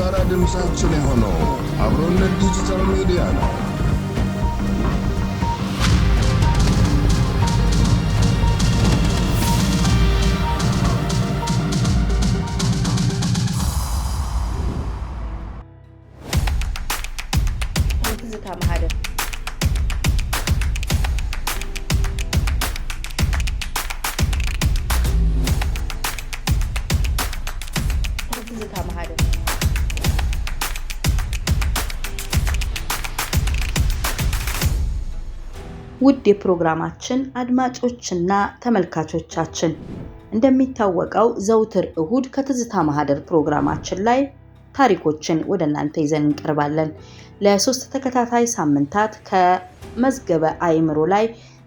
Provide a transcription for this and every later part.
የጋራ ድምፃችን የሆነው አብሮነት ዲጂታል ሚዲያ ነው። የፕሮግራማችን አድማጮችና ተመልካቾቻችን እንደሚታወቀው ዘውትር እሁድ ከትዝታ ማህደር ፕሮግራማችን ላይ ታሪኮችን ወደ እናንተ ይዘን እንቀርባለን። ለሶስት ተከታታይ ሳምንታት ከመዝገበ አእምሮ ላይ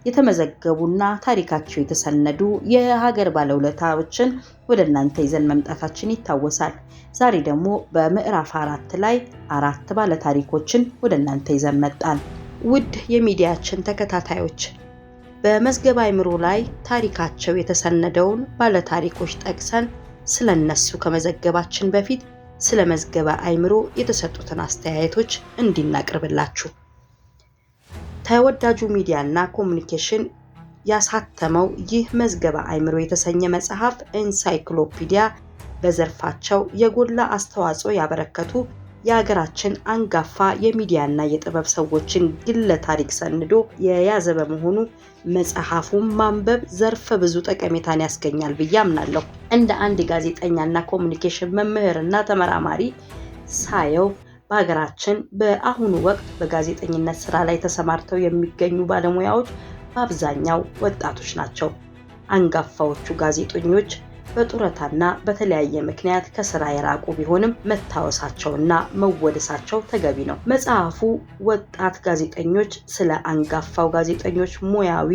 የተመዘገቡና ታሪካቸው የተሰነዱ የሀገር ባለውለታዎችን ወደ እናንተ ይዘን መምጣታችን ይታወሳል። ዛሬ ደግሞ በምዕራፍ አራት ላይ አራት ባለታሪኮችን ወደ እናንተ ይዘን መጣል። ውድ የሚዲያችን ተከታታዮች በመዝገባ አእምሮ ላይ ታሪካቸው የተሰነደውን ባለታሪኮች ጠቅሰን ስለነሱ ከመዘገባችን በፊት ስለ መዝገበ አእምሮ የተሰጡትን አስተያየቶች እንዲናቅርብላችሁ ተወዳጁ ሚዲያና ኮሚኒኬሽን ያሳተመው ይህ መዝገበ አእምሮ የተሰኘ መጽሐፍ ኢንሳይክሎፒዲያ በዘርፋቸው የጎላ አስተዋጽኦ ያበረከቱ የሀገራችን አንጋፋ የሚዲያና የጥበብ ሰዎችን ግለ ታሪክ ሰንዶ የያዘ በመሆኑ መጽሐፉን ማንበብ ዘርፈ ብዙ ጠቀሜታን ያስገኛል ብዬ አምናለሁ። እንደ አንድ ጋዜጠኛና ኮሚኒኬሽን መምህርና ተመራማሪ ሳየው በሀገራችን በአሁኑ ወቅት በጋዜጠኝነት ስራ ላይ ተሰማርተው የሚገኙ ባለሙያዎች በአብዛኛው ወጣቶች ናቸው። አንጋፋዎቹ ጋዜጠኞች በጡረታና በተለያየ ምክንያት ከስራ የራቁ ቢሆንም መታወሳቸውና መወደሳቸው ተገቢ ነው። መጽሐፉ ወጣት ጋዜጠኞች ስለ አንጋፋው ጋዜጠኞች ሙያዊ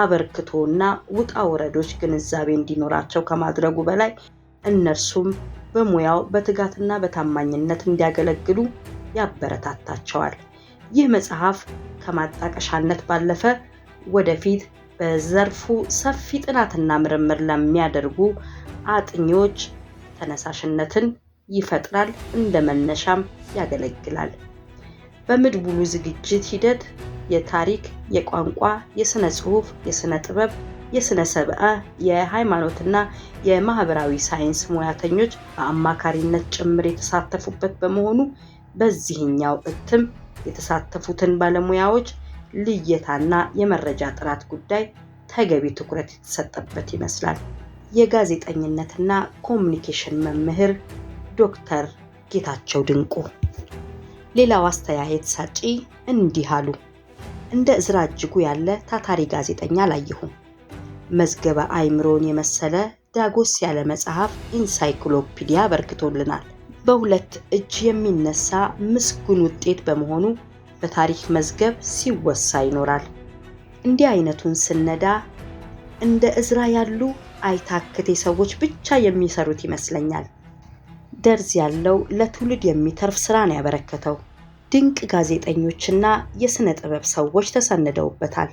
አበርክቶና ውጣ ወረዶች ግንዛቤ እንዲኖራቸው ከማድረጉ በላይ እነርሱም በሙያው በትጋትና በታማኝነት እንዲያገለግሉ ያበረታታቸዋል። ይህ መጽሐፍ ከማጣቀሻነት ባለፈ ወደፊት በዘርፉ ሰፊ ጥናትና ምርምር ለሚያደርጉ አጥኚዎች ተነሳሽነትን ይፈጥራል፣ እንደ መነሻም ያገለግላል። በምድቡሉ ዝግጅት ሂደት የታሪክ፣ የቋንቋ፣ የሥነ ጽሑፍ፣ የሥነ ጥበብ፣ የሥነ ሰብአ፣ የሃይማኖትና የማህበራዊ ሳይንስ ሙያተኞች በአማካሪነት ጭምር የተሳተፉበት በመሆኑ በዚህኛው እትም የተሳተፉትን ባለሙያዎች ልየታና የመረጃ ጥራት ጉዳይ ተገቢ ትኩረት የተሰጠበት ይመስላል። የጋዜጠኝነትና ኮሚኒኬሽን መምህር ዶክተር ጌታቸው ድንቁ። ሌላው አስተያየት ሰጪ እንዲህ አሉ። እንደ እዝራ እጅጉ ያለ ታታሪ ጋዜጠኛ አላየሁም። መዝገበ አይምሮን የመሰለ ዳጎስ ያለ መጽሐፍ ኢንሳይክሎፒዲያ በርክቶልናል። በሁለት እጅ የሚነሳ ምስጉን ውጤት በመሆኑ በታሪክ መዝገብ ሲወሳ ይኖራል። እንዲህ አይነቱን ስነዳ እንደ እዝራ ያሉ አይታክቴ ሰዎች ብቻ የሚሰሩት ይመስለኛል። ደርዝ ያለው ለትውልድ የሚተርፍ ስራ ነው ያበረከተው። ድንቅ ጋዜጠኞችና የሥነ ጥበብ ሰዎች ተሰንደውበታል።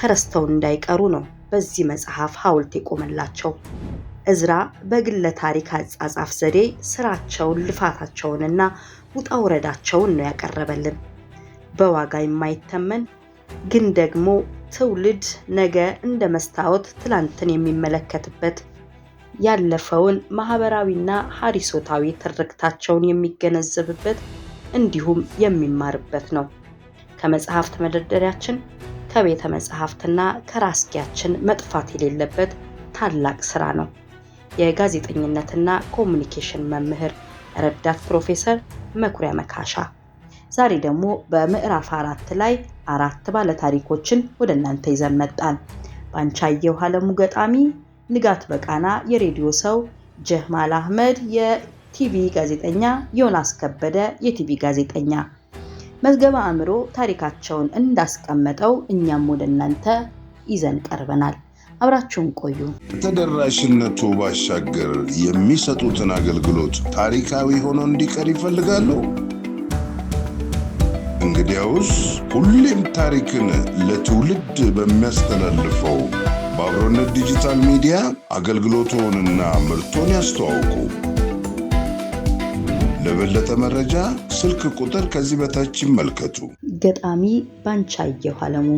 ተረስተው እንዳይቀሩ ነው በዚህ መጽሐፍ ሐውልት የቆመላቸው። እዝራ በግለ ታሪክ አጻጻፍ ዘዴ ስራቸውን፣ ልፋታቸውንና ውጣ ውረዳቸውን ነው ያቀረበልን። በዋጋ የማይተመን ግን ደግሞ ትውልድ ነገ እንደ መስታወት ትላንትን የሚመለከትበት ያለፈውን ማህበራዊና ሀሪሶታዊ ትርክታቸውን የሚገነዘብበት እንዲሁም የሚማርበት ነው። ከመጽሐፍት መደርደሪያችን ከቤተ መጽሐፍትና ከራስጌያችን መጥፋት የሌለበት ታላቅ ስራ ነው። የጋዜጠኝነትና ኮሚኒኬሽን መምህር ረዳት ፕሮፌሰር መኩሪያ መካሻ ዛሬ ደግሞ በምዕራፍ አራት ላይ አራት ባለ ታሪኮችን ወደ እናንተ ይዘን መጣን። ባንቻየሁ አለሙ ገጣሚ፣ ንጋት በቃና የሬዲዮ ሰው፣ ጀማል አህመድ የቲቪ ጋዜጠኛ፣ ዮናስ ከበደ የቲቪ ጋዜጠኛ። መዝገበ አእምሮ ታሪካቸውን እንዳስቀመጠው እኛም ወደ እናንተ ይዘን ቀርበናል። አብራችሁን ቆዩ። ተደራሽነቱ ባሻገር የሚሰጡትን አገልግሎት ታሪካዊ ሆኖ እንዲቀር ይፈልጋሉ። እንግዲያውስ ሁሌም ታሪክን ለትውልድ በሚያስተላልፈው በአብሮነት ዲጂታል ሚዲያ አገልግሎቶንና ምርቶን ያስተዋውቁ። ለበለጠ መረጃ ስልክ ቁጥር ከዚህ በታች ይመልከቱ። ገጣሚ ባንቻየሁ አለሙ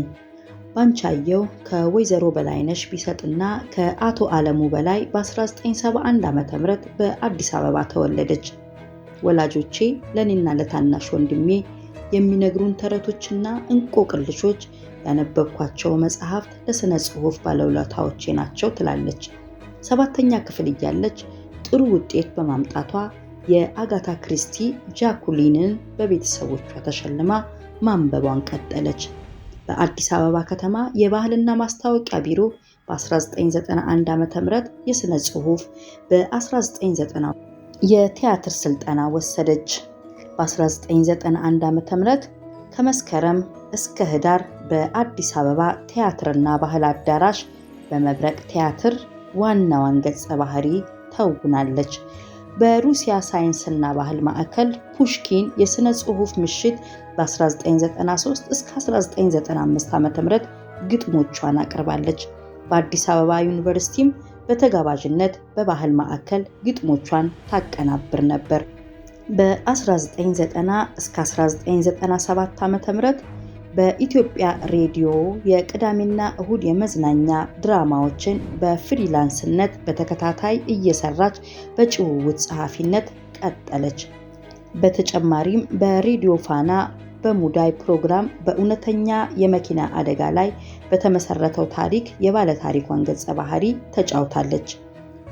ባንቻየሁ ከወይዘሮ በላይነሽ ቢሰጥና ከአቶ አለሙ በላይ በ1971 ዓ ም በአዲስ አበባ ተወለደች። ወላጆቼ ለእኔና ለታናሽ ወንድሜ የሚነግሩን ተረቶችና እንቆቅልሾች ያነበብኳቸው መጽሐፍት ለሥነ ጽሑፍ ባለውለታዎቼ ናቸው ትላለች። ሰባተኛ ክፍል እያለች ጥሩ ውጤት በማምጣቷ የአጋታ ክሪስቲ ጃኩሊንን በቤተሰቦቿ ተሸልማ ማንበቧን ቀጠለች። በአዲስ አበባ ከተማ የባህልና ማስታወቂያ ቢሮ በ1991 ም የሥነ ጽሑፍ፣ በ1990 የቲያትር ሥልጠና ወሰደች። በ1991 ዓ.ም ከመስከረም እስከ ህዳር በአዲስ አበባ ቲያትርና ባህል አዳራሽ በመብረቅ ቲያትር ዋናዋን ገጸ ባህሪ ተውናለች። በሩሲያ ሳይንስና ባህል ማዕከል ፑሽኪን የሥነ ጽሑፍ ምሽት በ1993 እስከ 1995 ዓ.ም ግጥሞቿን አቅርባለች። በአዲስ አበባ ዩኒቨርሲቲም በተጋባዥነት በባህል ማዕከል ግጥሞቿን ታቀናብር ነበር። በ1990 እስከ 1997 ዓ.ም በኢትዮጵያ ሬዲዮ የቅዳሜና እሁድ የመዝናኛ ድራማዎችን በፍሪላንስነት በተከታታይ እየሰራች በጭውውት ጸሐፊነት ቀጠለች። በተጨማሪም በሬዲዮ ፋና በሙዳይ ፕሮግራም በእውነተኛ የመኪና አደጋ ላይ በተመሰረተው ታሪክ የባለታሪኳን ገጸ ባህሪ ተጫውታለች።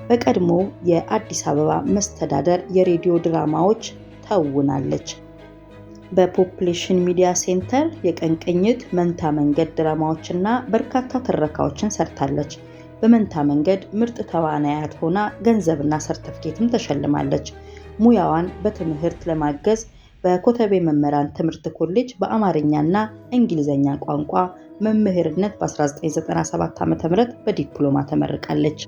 በቀድሞ የአዲስ አበባ መስተዳደር የሬዲዮ ድራማዎች ተውናለች። በፖፕሌሽን ሚዲያ ሴንተር የቀን ቅኝት፣ መንታ መንገድ ድራማዎችና በርካታ ትረካዎችን ሰርታለች። በመንታ መንገድ ምርጥ ተዋናያት ሆና ገንዘብና ሰርተፍኬትም ተሸልማለች። ሙያዋን በትምህርት ለማገዝ በኮተቤ መምህራን ትምህርት ኮሌጅ በአማርኛና እንግሊዝኛ ቋንቋ መምህርነት በ1997 ዓ.ም በዲፕሎማ ተመርቃለች።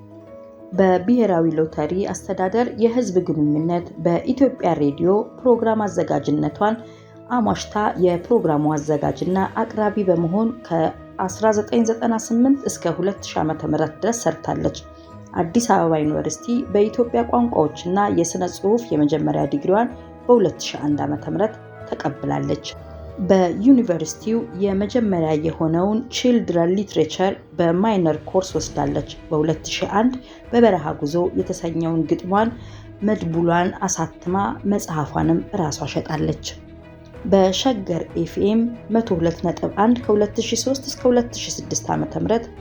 በብሔራዊ ሎተሪ አስተዳደር የህዝብ ግንኙነት በኢትዮጵያ ሬዲዮ ፕሮግራም አዘጋጅነቷን አሟሽታ የፕሮግራሙ አዘጋጅና አቅራቢ በመሆን ከ1998 እስከ 2000 ዓ.ም ድረስ ሰርታለች። አዲስ አበባ ዩኒቨርሲቲ በኢትዮጵያ ቋንቋዎችና የሥነ ጽሑፍ የመጀመሪያ ዲግሪዋን በ2001 ዓ.ም ተቀብላለች። በዩኒቨርሲቲው የመጀመሪያ የሆነውን ቺልድረን ሊትሬቸር በማይነር ኮርስ ወስዳለች። በ2001 በበረሃ ጉዞ የተሰኘውን ግጥሟን መድቡሏን አሳትማ መጽሐፏንም ራሷ ሸጣለች። በሸገር ኤፍኤም 102.1 ከ2003 እስከ 2006 ዓ.ም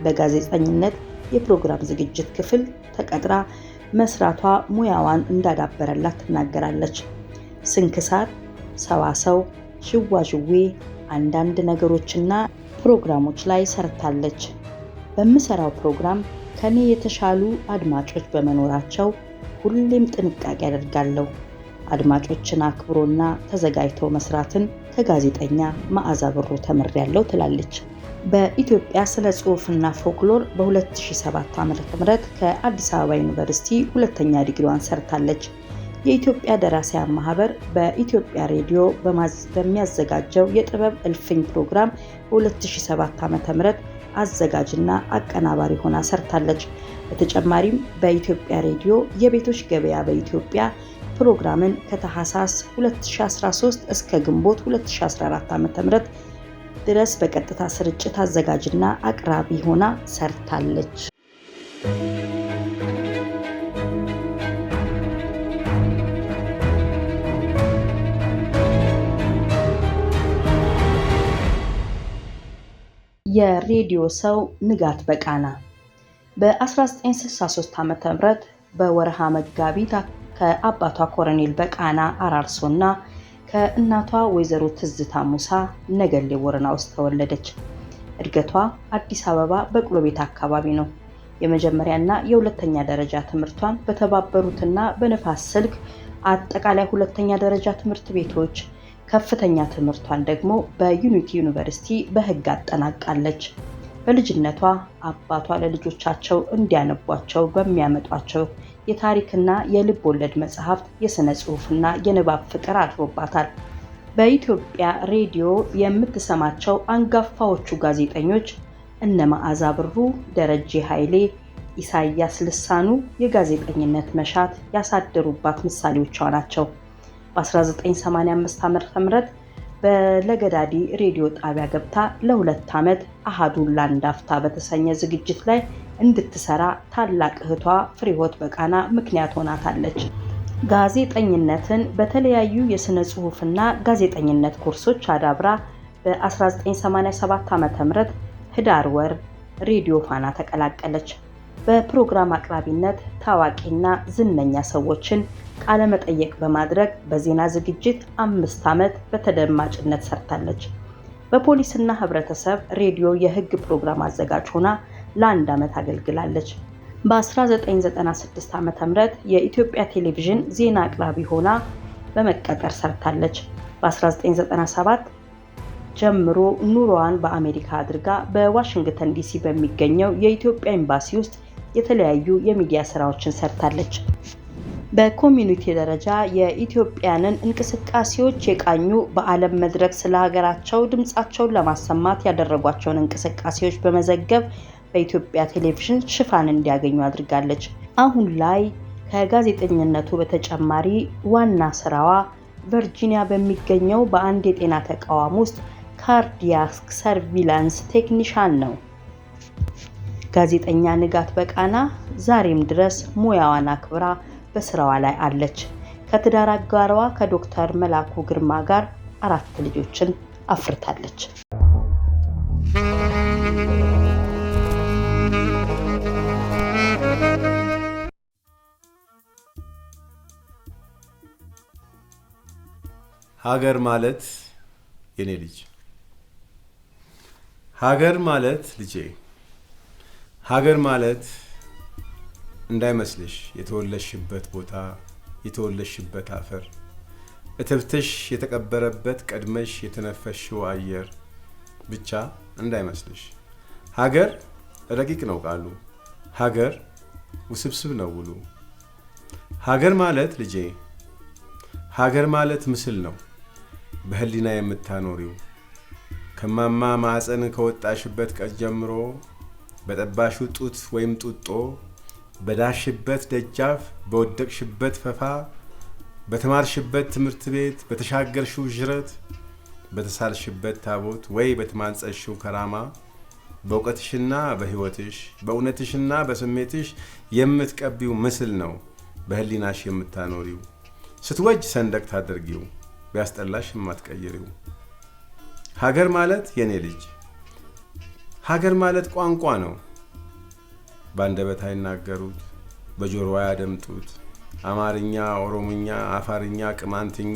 በጋዜጠኝነት የፕሮግራም ዝግጅት ክፍል ተቀጥራ መስራቷ ሙያዋን እንዳዳበረላት ትናገራለች። ስንክሳር፣ ሰዋሰው፣ ሽዋዥዌ፣ አንዳንድ ነገሮችና ፕሮግራሞች ላይ ሰርታለች። በምሰራው ፕሮግራም ከኔ የተሻሉ አድማጮች በመኖራቸው ሁሌም ጥንቃቄ አደርጋለሁ። አድማጮችን አክብሮና ተዘጋጅቶ መስራትን ከጋዜጠኛ መዓዛ ብሩ ተምሬያለሁ ትላለች። በኢትዮጵያ ስነ ጽሁፍና ፎክሎር በ2007 ዓ.ም ከአዲስ አበባ ዩኒቨርሲቲ ሁለተኛ ዲግሪዋን ሰርታለች። የኢትዮጵያ ደራሲያን ማህበር በኢትዮጵያ ሬዲዮ በሚያዘጋጀው የጥበብ እልፍኝ ፕሮግራም በ2007 ዓ.ም አዘጋጅና አቀናባሪ ሆና ሰርታለች። በተጨማሪም በኢትዮጵያ ሬዲዮ የቤቶች ገበያ በኢትዮጵያ ፕሮግራምን ከታህሳስ 2013 እስከ ግንቦት 2014 ዓ.ም ድረስ በቀጥታ ስርጭት አዘጋጅና አቅራቢ ሆና ሰርታለች። የሬዲዮ ሰው ንጋት በቃና በ1963 ዓ ም በወረሃ መጋቢት ከአባቷ ኮሎኔል በቃና አራርሶ እና ከእናቷ ወይዘሮ ትዝታ ሙሳ ነገሌ ወረና ውስጥ ተወለደች። እድገቷ አዲስ አበባ በቅሎ ቤት አካባቢ ነው። የመጀመሪያና የሁለተኛ ደረጃ ትምህርቷን በተባበሩትና በንፋስ ስልክ አጠቃላይ ሁለተኛ ደረጃ ትምህርት ቤቶች ከፍተኛ ትምህርቷን ደግሞ በዩኒቲ ዩኒቨርሲቲ በሕግ አጠናቃለች። በልጅነቷ አባቷ ለልጆቻቸው እንዲያነቧቸው በሚያመጧቸው የታሪክና የልብ ወለድ መጽሐፍት የሥነ ጽሑፍና የንባብ ፍቅር አድሮባታል። በኢትዮጵያ ሬዲዮ የምትሰማቸው አንጋፋዎቹ ጋዜጠኞች እነ መዓዛ ብሩ፣ ደረጄ ኃይሌ፣ ኢሳያስ ልሳኑ የጋዜጠኝነት መሻት ያሳደሩባት ምሳሌዎቿ ናቸው። በ1985 ዓ ም በለገዳዲ ሬዲዮ ጣቢያ ገብታ ለሁለት ዓመት አሃዱን ላንዳፍታ በተሰኘ ዝግጅት ላይ እንድትሰራ ታላቅ እህቷ ፍሬህይወት በቃና ምክንያት ሆናታለች። ጋዜጠኝነትን በተለያዩ የሥነ ጽሑፍና ጋዜጠኝነት ኮርሶች አዳብራ በ1987 ዓ ም ህዳር ወር ሬዲዮ ፋና ተቀላቀለች። በፕሮግራም አቅራቢነት ታዋቂና ዝነኛ ሰዎችን ቃለመጠየቅ በማድረግ በዜና ዝግጅት አምስት ዓመት በተደማጭነት ሰርታለች። በፖሊስና ህብረተሰብ ሬዲዮ የህግ ፕሮግራም አዘጋጅ ሆና ለአንድ ዓመት አገልግላለች። በ1996 ዓ ም የኢትዮጵያ ቴሌቪዥን ዜና አቅራቢ ሆና በመቀጠር ሰርታለች። በ1997 ጀምሮ ኑሮዋን በአሜሪካ አድርጋ በዋሽንግተን ዲሲ በሚገኘው የኢትዮጵያ ኤምባሲ ውስጥ የተለያዩ የሚዲያ ስራዎችን ሰርታለች። በኮሚኒቲ ደረጃ የኢትዮጵያንን እንቅስቃሴዎች የቃኙ በዓለም መድረክ ስለ ሀገራቸው ድምፃቸውን ለማሰማት ያደረጓቸውን እንቅስቃሴዎች በመዘገብ በኢትዮጵያ ቴሌቪዥን ሽፋን እንዲያገኙ አድርጋለች። አሁን ላይ ከጋዜጠኝነቱ በተጨማሪ ዋና ስራዋ ቨርጂኒያ በሚገኘው በአንድ የጤና ተቋም ውስጥ ካርዲያክ ሰርቪላንስ ቴክኒሻን ነው። ጋዜጠኛ ንጋት በቃና ዛሬም ድረስ ሙያዋን አክብራ በስራዋ ላይ አለች። ከትዳር አጋሯ ከዶክተር መላኩ ግርማ ጋር አራት ልጆችን አፍርታለች። ሀገር ማለት የኔ ልጅ ሀገር ማለት ልጄ ሀገር ማለት እንዳይመስልሽ የተወለሽበት ቦታ የተወለሽበት አፈር እትብትሽ የተቀበረበት ቀድመሽ የተነፈሽው አየር ብቻ እንዳይመስልሽ። ሀገር ረቂቅ ነው ቃሉ፣ ሀገር ውስብስብ ነው ውሉ። ሀገር ማለት ልጄ፣ ሀገር ማለት ምስል ነው በህሊና የምታኖሪው ከማማ ማዕፀን ከወጣሽበት ቀን ጀምሮ በጠባሹ ጡት ወይም ጡጦ፣ በዳሽበት ደጃፍ፣ በወደቅሽበት ፈፋ፣ በተማርሽበት ትምህርት ቤት፣ በተሻገርሽው ዥረት፣ በተሳልሽበት ታቦት ወይ በተማንጸሽው ከራማ በእውቀትሽና በሕይወትሽ በእውነትሽና በስሜትሽ የምትቀቢው ምስል ነው። በህሊናሽ የምታኖሪው ስትወጅ ሰንደቅ ታደርጊው ቢያስጠላሽ የማትቀይሪው ሀገር ማለት የኔ ልጅ ሀገር ማለት ቋንቋ ነው። በአንደበት አይናገሩት፣ በጆሮ አያደምጡት። አማርኛ፣ ኦሮምኛ፣ አፋርኛ፣ ቅማንትኛ፣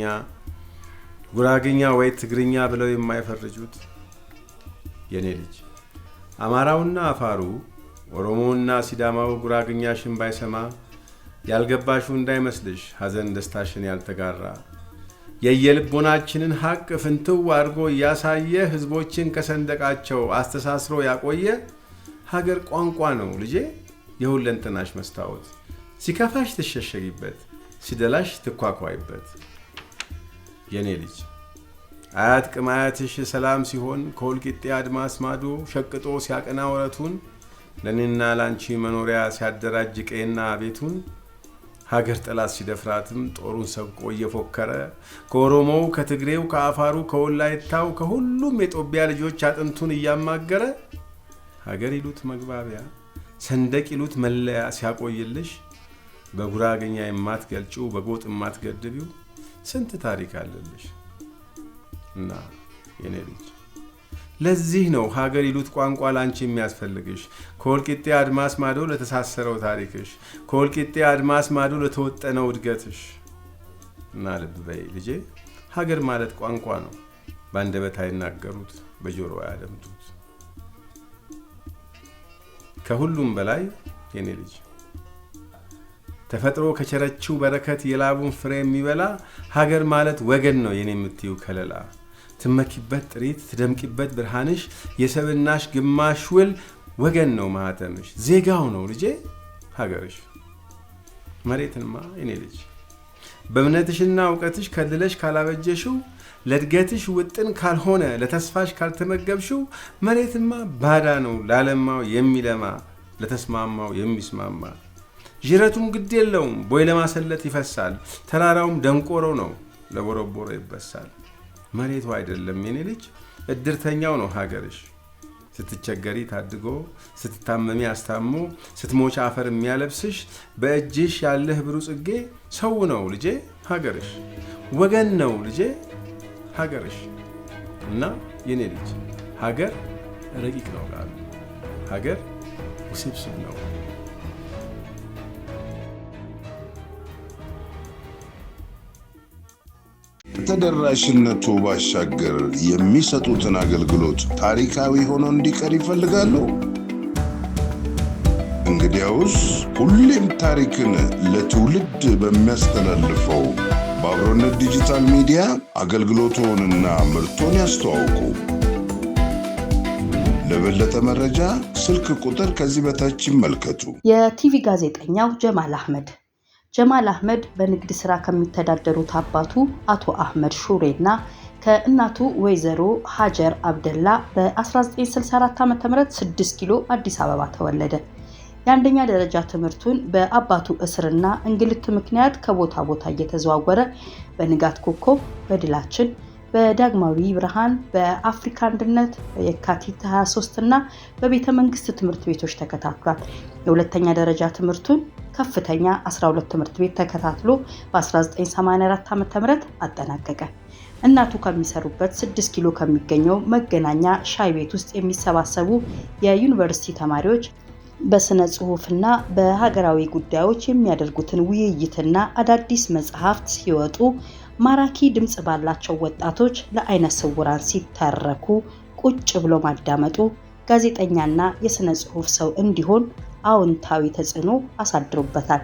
ጉራግኛ ወይ ትግርኛ ብለው የማይፈርጁት የኔ ልጅ አማራውና አፋሩ ኦሮሞውና ሲዳማው ጉራግኛሽን ባይሰማ ያልገባሹ እንዳይመስልሽ ሀዘን ደስታሽን ያልተጋራ የየልቦናችንን ሐቅ ፍንትው አድርጎ እያሳየ ሕዝቦችን ከሰንደቃቸው አስተሳስሮ ያቆየ ሀገር ቋንቋ ነው ልጄ የሁለንተናሽ መስታወት። ሲከፋሽ ትሸሸጊበት፣ ሲደላሽ ትኳኳይበት። የኔ ልጅ አያት ቅማያትሽ ሰላም ሲሆን ከወልቂጤ አድማስ ማዶ ሸቅጦ ሲያቀና ወረቱን ለእኔና ላንቺ መኖሪያ ሲያደራጅ ቀና ቤቱን ሀገር ጠላት ሲደፍራትም ጦሩን ሰብቆ እየፎከረ ከኦሮሞው፣ ከትግሬው፣ ከአፋሩ፣ ከወላይታው ከሁሉም የጦቢያ ልጆች አጥንቱን እያማገረ ሀገር ይሉት መግባቢያ ሰንደቅ ይሉት መለያ ሲያቆይልሽ በጉራገኛ የማትገልጭው በጎጥ የማትገድቢው ስንት ታሪክ አለልሽ እና የኔ ልጅ ለዚህ ነው ሀገር ይሉት ቋንቋ ላንቺ የሚያስፈልግሽ ከወልቂጤ አድማስ ማዶ ለተሳሰረው ታሪክሽ ከወልቂጤ አድማስ ማዶ ለተወጠነው እድገትሽ። እና ልብ በይ ልጄ፣ ሀገር ማለት ቋንቋ ነው። በአንደበት አይናገሩት፣ በጆሮ አያደምጡት። ከሁሉም በላይ የኔ ልጅ ተፈጥሮ ከቸረችው በረከት የላቡን ፍሬ የሚበላ ሀገር ማለት ወገን ነው የኔ የምትዩ ከለላ ትመኪበት ጥሪት ትደምቂበት ብርሃንሽ የሰብናሽ ግማሽ ውል ወገን ነው ማህተምሽ ዜጋው ነው ልጄ ሀገርሽ መሬትንማ የኔ ልጅ በእምነትሽና እውቀትሽ ከልለሽ ካላበጀሽው ለእድገትሽ ውጥን ካልሆነ ለተስፋሽ ካልተመገብሽው መሬትማ ባዳ ነው ላለማው የሚለማ ለተስማማው የሚስማማ ዥረቱም ግድ የለውም ቦይ ለማሰለት ይፈሳል ተራራውም ደንቆሮ ነው ለቦረቦሮ ይበሳል መሬቱ አይደለም የኔ ልጅ፣ እድርተኛው ነው ሀገርሽ። ስትቸገሪ ታድጎ፣ ስትታመሚ አስታሞ፣ ስትሞች አፈር የሚያለብስሽ በእጅሽ ያለህ ብሩ ጽጌ ሰው ነው ልጄ ሀገርሽ፣ ወገን ነው ልጄ ሀገርሽ። እና የኔ ልጅ ሀገር ረቂቅ ነው ላሉ ሀገር ውስብስብ ነው። ተደራሽነቱ ባሻገር የሚሰጡትን አገልግሎት ታሪካዊ ሆኖ እንዲቀር ይፈልጋሉ። እንግዲያውስ ሁሌም ታሪክን ለትውልድ በሚያስተላልፈው በአብሮነት ዲጂታል ሚዲያ አገልግሎቶንና ምርቶን ያስተዋውቁ። ለበለጠ መረጃ ስልክ ቁጥር ከዚህ በታች ይመልከቱ። የቲቪ ጋዜጠኛው ጀማል አህመድ ጀማል አህመድ በንግድ ስራ ከሚተዳደሩት አባቱ አቶ አህመድ ሹሬ እና ከእናቱ ወይዘሮ ሀጀር አብደላ በ1964 ዓ ም 6 ኪሎ አዲስ አበባ ተወለደ። የአንደኛ ደረጃ ትምህርቱን በአባቱ እስርና እንግልት ምክንያት ከቦታ ቦታ እየተዘዋወረ በንጋት ኮከብ፣ በድላችን፣ በዳግማዊ ብርሃን፣ በአፍሪካ አንድነት፣ የካቲት 23 እና በቤተ መንግስት ትምህርት ቤቶች ተከታትሏል። የሁለተኛ ደረጃ ትምህርቱን ከፍተኛ 12 ትምህርት ቤት ተከታትሎ በ1984 ዓ.ም አጠናቀቀ። እናቱ ከሚሰሩበት 6 ኪሎ ከሚገኘው መገናኛ ሻይ ቤት ውስጥ የሚሰባሰቡ የዩኒቨርሲቲ ተማሪዎች በስነ ጽሁፍና በሀገራዊ ጉዳዮች የሚያደርጉትን ውይይትና አዳዲስ መጽሐፍት ሲወጡ ማራኪ ድምፅ ባላቸው ወጣቶች ለአይነ ስውራን ሲተረኩ ቁጭ ብሎ ማዳመጡ ጋዜጠኛና የስነ ጽሁፍ ሰው እንዲሆን አዎንታዊ ተጽዕኖ አሳድሮበታል።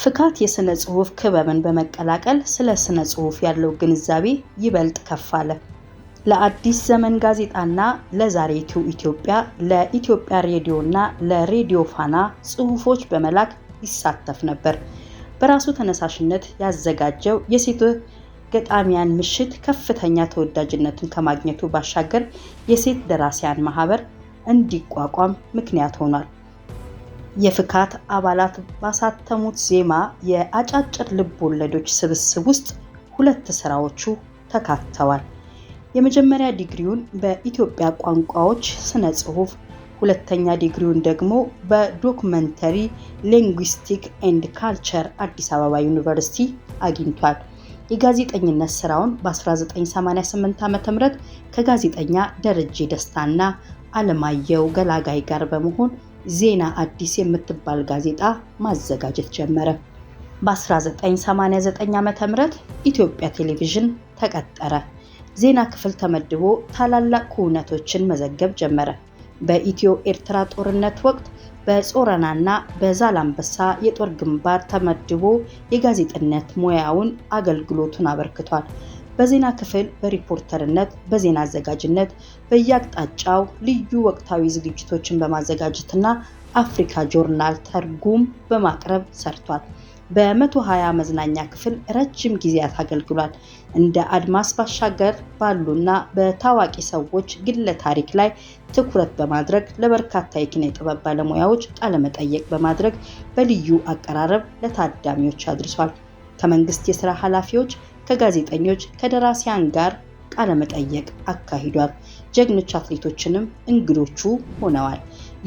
ፍካት የሥነ ጽሑፍ ክበብን በመቀላቀል ስለ ሥነ ጽሑፍ ያለው ግንዛቤ ይበልጥ ከፍ አለ። ለአዲስ ዘመን ጋዜጣና ለዛሬቱ ኢትዮጵያ፣ ለኢትዮጵያ ሬዲዮና ለሬዲዮ ፋና ጽሑፎች በመላክ ይሳተፍ ነበር። በራሱ ተነሳሽነት ያዘጋጀው የሴት ገጣሚያን ምሽት ከፍተኛ ተወዳጅነትን ከማግኘቱ ባሻገር የሴት ደራሲያን ማህበር እንዲቋቋም ምክንያት ሆኗል። የፍካት አባላት ባሳተሙት ዜማ የአጫጭር ልብ ወለዶች ስብስብ ውስጥ ሁለት ስራዎቹ ተካተዋል። የመጀመሪያ ዲግሪውን በኢትዮጵያ ቋንቋዎች ስነ ጽሁፍ፣ ሁለተኛ ዲግሪውን ደግሞ በዶክመንተሪ ሊንግዊስቲክ ኤንድ ካልቸር አዲስ አበባ ዩኒቨርሲቲ አግኝቷል። የጋዜጠኝነት ስራውን በ1988 ዓ ም ከጋዜጠኛ ደረጀ ደስታና አለማየሁ ገላጋይ ጋር በመሆን ዜና አዲስ የምትባል ጋዜጣ ማዘጋጀት ጀመረ። በ1989 ዓ ም ኢትዮጵያ ቴሌቪዥን ተቀጠረ። ዜና ክፍል ተመድቦ ታላላቅ ክውነቶችን መዘገብ ጀመረ። በኢትዮ ኤርትራ ጦርነት ወቅት በጾረናና በዛላምበሳ የጦር ግንባር ተመድቦ የጋዜጠነት ሙያውን አገልግሎቱን አበርክቷል። በዜና ክፍል በሪፖርተርነት፣ በዜና አዘጋጅነት በየአቅጣጫው ልዩ ወቅታዊ ዝግጅቶችን በማዘጋጀትና አፍሪካ ጆርናል ተርጉም በማቅረብ ሰርቷል። በ120 መዝናኛ ክፍል ረጅም ጊዜያት አገልግሏል። እንደ አድማስ ባሻገር ባሉና በታዋቂ ሰዎች ግለ ታሪክ ላይ ትኩረት በማድረግ ለበርካታ የኪነ ጥበብ ባለሙያዎች ቃለመጠየቅ በማድረግ በልዩ አቀራረብ ለታዳሚዎች አድርሷል። ከመንግስት የስራ ኃላፊዎች ከጋዜጠኞች፣ ከደራሲያን ጋር ቃለመጠየቅ አካሂዷል። ጀግኖች አትሌቶችንም እንግዶቹ ሆነዋል።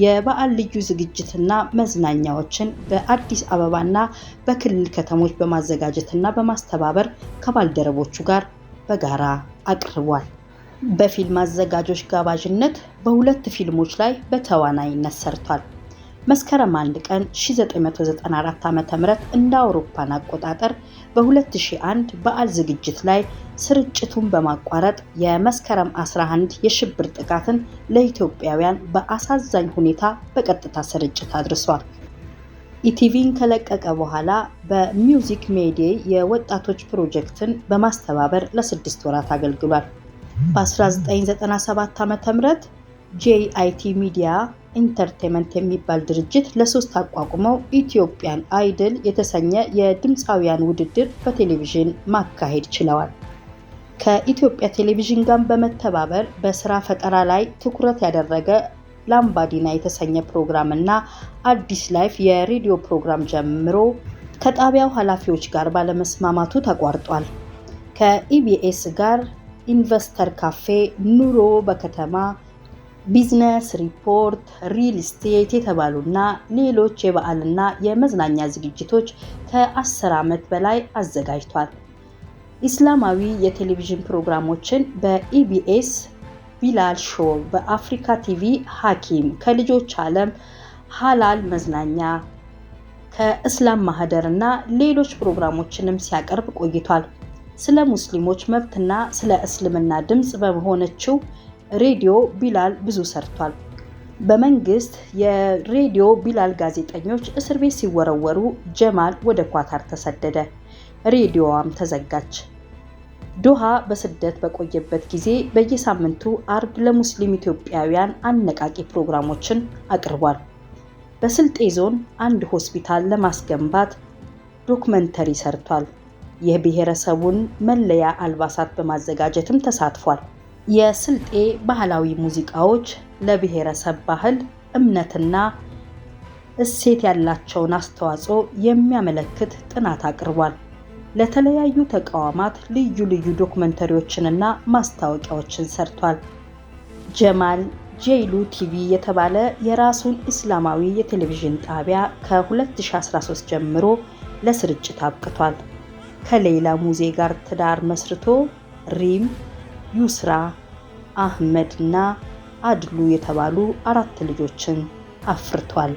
የበዓል ልዩ ዝግጅትና መዝናኛዎችን በአዲስ አበባና በክልል ከተሞች በማዘጋጀትና በማስተባበር ከባልደረቦቹ ጋር በጋራ አቅርቧል። በፊልም አዘጋጆች ጋባዥነት በሁለት ፊልሞች ላይ በተዋናይነት ሰርቷል። መስከረም 1 ቀን 1994 ዓ.ም እንደ አውሮፓን አቆጣጠር በ2001 በዓል ዝግጅት ላይ ስርጭቱን በማቋረጥ የመስከረም 11 የሽብር ጥቃትን ለኢትዮጵያውያን በአሳዛኝ ሁኔታ በቀጥታ ስርጭት አድርሷል። ኢቲቪን ከለቀቀ በኋላ በሚውዚክ ሜዲ የወጣቶች ፕሮጀክትን በማስተባበር ለስድስት ወራት አገልግሏል። በ1997 ዓ.ም ጄአይቲ ሚዲያ ኢንተርቴንመንት የሚባል ድርጅት ለሶስት አቋቁመው ኢትዮጵያን አይድል የተሰኘ የድምፃውያን ውድድር በቴሌቪዥን ማካሄድ ችለዋል። ከኢትዮጵያ ቴሌቪዥን ጋር በመተባበር በስራ ፈጠራ ላይ ትኩረት ያደረገ ላምባዲና የተሰኘ ፕሮግራም እና አዲስ ላይፍ የሬዲዮ ፕሮግራም ጀምሮ ከጣቢያው ኃላፊዎች ጋር ባለመስማማቱ ተቋርጧል። ከኢቢኤስ ጋር ኢንቨስተር ካፌ፣ ኑሮ በከተማ ቢዝነስ ሪፖርት፣ ሪል ስቴት የተባሉና ሌሎች የበዓልና የመዝናኛ ዝግጅቶች ከ10 ዓመት በላይ አዘጋጅቷል። ኢስላማዊ የቴሌቪዥን ፕሮግራሞችን በኢቢኤስ ቢላል ሾ፣ በአፍሪካ ቲቪ ሐኪም፣ ከልጆች ዓለም፣ ሀላል መዝናኛ፣ ከእስላም ማህደር እና ሌሎች ፕሮግራሞችንም ሲያቀርብ ቆይቷል። ስለ ሙስሊሞች መብትና ስለ እስልምና ድምፅ በመሆነችው ሬዲዮ ቢላል ብዙ ሰርቷል። በመንግስት የሬዲዮ ቢላል ጋዜጠኞች እስር ቤት ሲወረወሩ ጀማል ወደ ኳታር ተሰደደ። ሬዲዮዋም ተዘጋች። ዶሃ በስደት በቆየበት ጊዜ በየሳምንቱ አርብ ለሙስሊም ኢትዮጵያውያን አነቃቂ ፕሮግራሞችን አቅርቧል። በስልጤ ዞን አንድ ሆስፒታል ለማስገንባት ዶክመንተሪ ሰርቷል። የብሔረሰቡን መለያ አልባሳት በማዘጋጀትም ተሳትፏል። የስልጤ ባህላዊ ሙዚቃዎች ለብሔረሰብ ባህል እምነትና እሴት ያላቸውን አስተዋጽኦ የሚያመለክት ጥናት አቅርቧል። ለተለያዩ ተቋማት ልዩ ልዩ ዶክመንተሪዎችንና ማስታወቂያዎችን ሰርቷል። ጀማል ጄይሉ ቲቪ የተባለ የራሱን እስላማዊ የቴሌቪዥን ጣቢያ ከ2013 ጀምሮ ለስርጭት አብቅቷል። ከሌላ ሙዜ ጋር ትዳር መስርቶ ሪም ዩስራ አህመድ እና አድሉ የተባሉ አራት ልጆችን አፍርቷል።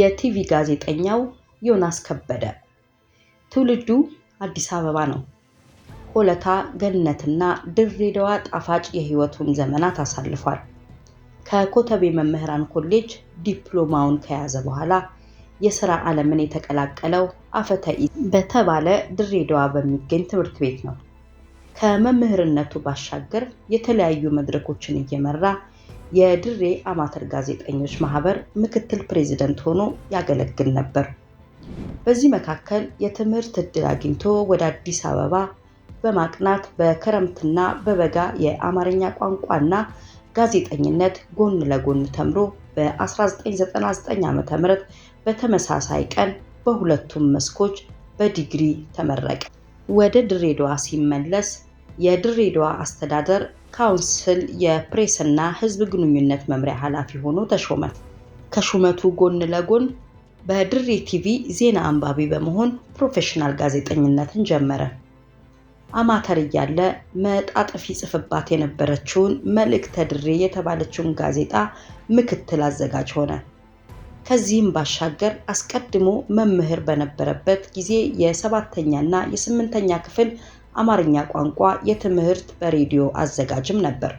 የቲቪ ጋዜጠኛው ዮናስ ከበደ ትውልዱ አዲስ አበባ ነው። ሆለታ ገነትና ድሬዳዋ ጣፋጭ የሕይወቱን ዘመናት አሳልፏል። ከኮተቤ መምህራን ኮሌጅ ዲፕሎማውን ከያዘ በኋላ የስራ ዓለምን የተቀላቀለው አፈተኢ በተባለ ድሬዳዋ በሚገኝ ትምህርት ቤት ነው። ከመምህርነቱ ባሻገር የተለያዩ መድረኮችን እየመራ የድሬ አማተር ጋዜጠኞች ማህበር ምክትል ፕሬዚደንት ሆኖ ያገለግል ነበር። በዚህ መካከል የትምህርት እድል አግኝቶ ወደ አዲስ አበባ በማቅናት በክረምትና በበጋ የአማርኛ ቋንቋና ጋዜጠኝነት ጎን ለጎን ተምሮ በ1999 ም በተመሳሳይ ቀን በሁለቱም መስኮች በዲግሪ ተመረቀ። ወደ ድሬዳዋ ሲመለስ የድሬዳዋ አስተዳደር ካውንስል የፕሬስና ሕዝብ ግንኙነት መምሪያ ኃላፊ ሆኖ ተሾመ። ከሹመቱ ጎን ለጎን በድሬ ቲቪ ዜና አንባቢ በመሆን ፕሮፌሽናል ጋዜጠኝነትን ጀመረ። አማተር እያለ መጣጥፍ ይጽፍባት የነበረችውን መልእክተ ድሬ የተባለችውን ጋዜጣ ምክትል አዘጋጅ ሆነ። ከዚህም ባሻገር አስቀድሞ መምህር በነበረበት ጊዜ የሰባተኛና የስምንተኛ ክፍል አማርኛ ቋንቋ የትምህርት በሬዲዮ አዘጋጅም ነበር።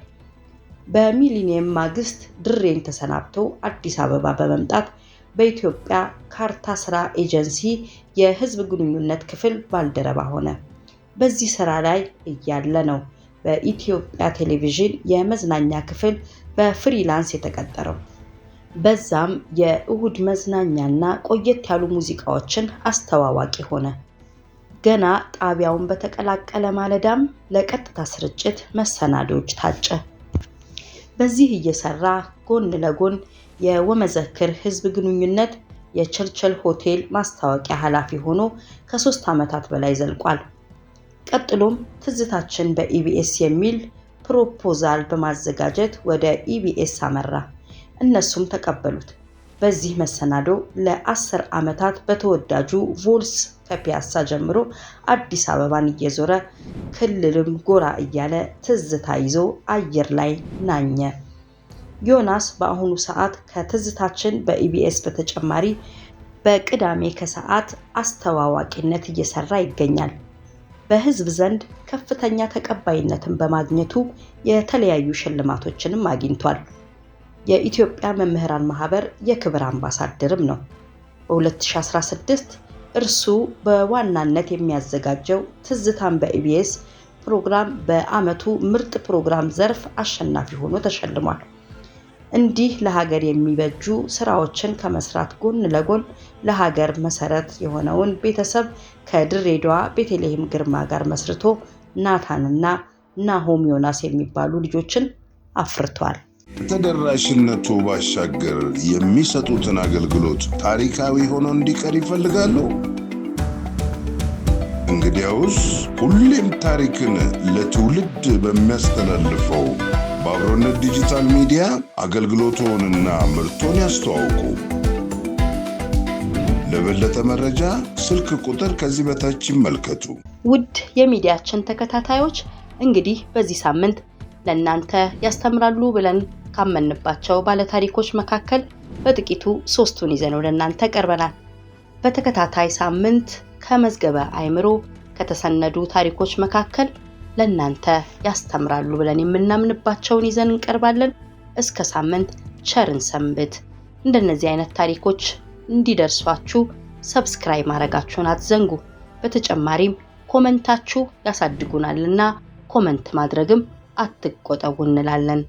በሚሊኒየም ማግስት ድሬን ተሰናብቶ አዲስ አበባ በመምጣት በኢትዮጵያ ካርታ ስራ ኤጀንሲ የሕዝብ ግንኙነት ክፍል ባልደረባ ሆነ። በዚህ ስራ ላይ እያለ ነው በኢትዮጵያ ቴሌቪዥን የመዝናኛ ክፍል በፍሪላንስ የተቀጠረው። በዛም የእሁድ መዝናኛና ቆየት ያሉ ሙዚቃዎችን አስተዋዋቂ ሆነ። ገና ጣቢያውን በተቀላቀለ ማለዳም ለቀጥታ ስርጭት መሰናዶዎች ታጨ። በዚህ እየሰራ ጎን ለጎን የወመዘክር ህዝብ ግንኙነት የቸርችል ሆቴል ማስታወቂያ ኃላፊ ሆኖ ከሶስት ዓመታት በላይ ዘልቋል። ቀጥሎም ትዝታችን በኢቢኤስ የሚል ፕሮፖዛል በማዘጋጀት ወደ ኢቢኤስ አመራ። እነሱም ተቀበሉት። በዚህ መሰናዶ ለአስር ዓመታት በተወዳጁ ቮልስ ከፒያሳ ጀምሮ አዲስ አበባን እየዞረ ክልልም ጎራ እያለ ትዝታ ይዞ አየር ላይ ናኘ። ዮናስ በአሁኑ ሰዓት ከትዝታችን በኢቢኤስ በተጨማሪ በቅዳሜ ከሰዓት አስተዋዋቂነት እየሰራ ይገኛል። በህዝብ ዘንድ ከፍተኛ ተቀባይነትን በማግኘቱ የተለያዩ ሽልማቶችንም አግኝቷል። የኢትዮጵያ መምህራን ማህበር የክብር አምባሳደርም ነው። በ2016 እርሱ በዋናነት የሚያዘጋጀው ትዝታን በኢቢኤስ ፕሮግራም በዓመቱ ምርጥ ፕሮግራም ዘርፍ አሸናፊ ሆኖ ተሸልሟል። እንዲህ ለሀገር የሚበጁ ስራዎችን ከመስራት ጎን ለጎን ለሀገር መሰረት የሆነውን ቤተሰብ ከድሬዳዋ ቤተልሔም ግርማ ጋር መስርቶ ናታንና ናሆም ዮናስ የሚባሉ ልጆችን አፍርቷል። ከተደራሽነቱ ባሻገር የሚሰጡትን አገልግሎት ታሪካዊ ሆኖ እንዲቀር ይፈልጋሉ። እንግዲያውስ ሁሌም ታሪክን ለትውልድ በሚያስተላልፈው በአብሮነት ዲጂታል ሚዲያ አገልግሎቶንና ምርቶን ያስተዋውቁ። ለበለጠ መረጃ ስልክ ቁጥር ከዚህ በታች ይመልከቱ። ውድ የሚዲያችን ተከታታዮች እንግዲህ በዚህ ሳምንት ለእናንተ ያስተምራሉ ብለን ካመንባቸው ባለታሪኮች መካከል በጥቂቱ ሶስቱን ይዘን ወደ እናንተ ቀርበናል። በተከታታይ ሳምንት ከመዝገበ አይምሮ ከተሰነዱ ታሪኮች መካከል ለእናንተ ያስተምራሉ ብለን የምናምንባቸውን ይዘን እንቀርባለን። እስከ ሳምንት ቸርን ሰንብት። እንደነዚህ አይነት ታሪኮች እንዲደርሷችሁ ሰብስክራይብ ማድረጋችሁን አትዘንጉ። በተጨማሪም ኮመንታችሁ ያሳድጉናልና ኮመንት ማድረግም አትቆጠቡ እንላለን።